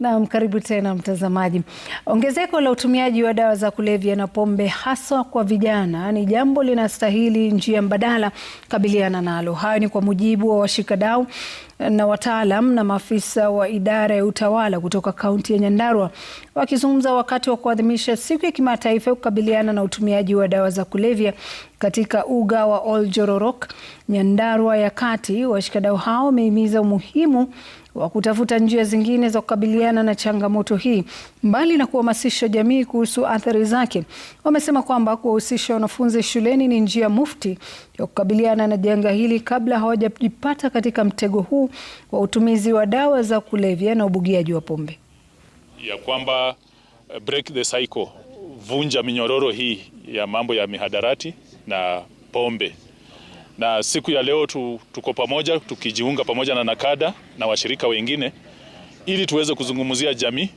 Naam, karibu tena mtazamaji. Ongezeko la utumiaji wa dawa za kulevya na pombe haswa kwa vijana ni jambo linastahili njia mbadala kabiliana nalo. Hayo ni kwa mujibu wa washikadau na wataalam na maafisa wa idara ya utawala kutoka kaunti ya Nyandarua wakizungumza wakati wa kuadhimisha siku ya kimataifa ya kukabiliana na utumiaji wa dawa za kulevya katika uga wa Oljororok, Nyandarua ya Kati. Washikadau hao wamehimiza umuhimu wa kutafuta njia zingine za kukabiliana na changamoto hii. Mbali na kuhamasisha jamii kuhusu athari zake, wamesema kwamba kuwahusisha wanafunzi shuleni ni njia mufti ya kukabiliana na janga hili kabla hawajajipata katika mtego huu wa utumizi wa dawa za kulevya na ubugiaji wa pombe, ya kwamba eh, break the cycle, vunja minyororo hii ya mambo ya mihadarati na pombe. Na siku ya leo tu, tuko pamoja tukijiunga pamoja na Nakada na washirika wengine ili tuweze kuzungumzia jamii,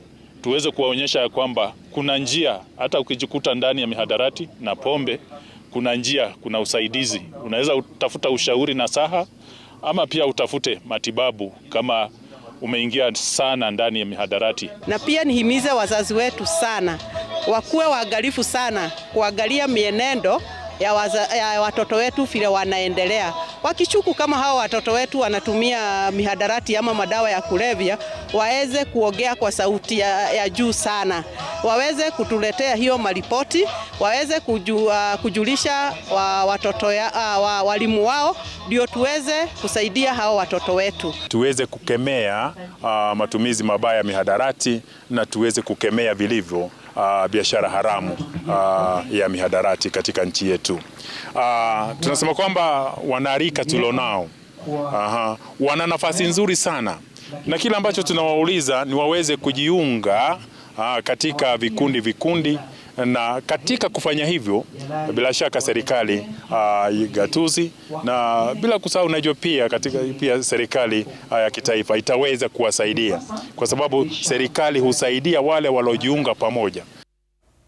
tuweze kuwaonyesha ya kwamba kuna njia, hata ukijikuta ndani ya mihadarati na pombe, kuna njia, kuna usaidizi, unaweza utafuta ushauri na saha ama pia utafute matibabu kama umeingia sana ndani ya mihadarati. Na pia nihimize wazazi wetu sana wakuwe waangalifu sana kuangalia mienendo ya, waza, ya watoto wetu vile wanaendelea. wakichuku kama hawa watoto wetu wanatumia mihadarati ama madawa ya kulevya, waweze kuongea kwa sauti ya, ya juu sana, waweze kutuletea hiyo maripoti, waweze kuju, uh, kujulisha wa, watoto ya, uh, wa, walimu wao ndio tuweze kusaidia hao watoto wetu, tuweze kukemea uh, matumizi mabaya ya mihadarati na tuweze kukemea vilivyo Uh, biashara haramu uh, ya mihadarati katika nchi yetu. Uh, tunasema kwamba wanarika tulionao uh, wana nafasi nzuri sana, na kile ambacho tunawauliza ni waweze kujiunga uh, katika vikundi vikundi na katika kufanya hivyo bila shaka serikali uh, ah, gatuzi na bila kusahau najua pia katika pia serikali uh, ya kitaifa itaweza kuwasaidia kwa sababu serikali husaidia wale waliojiunga pamoja.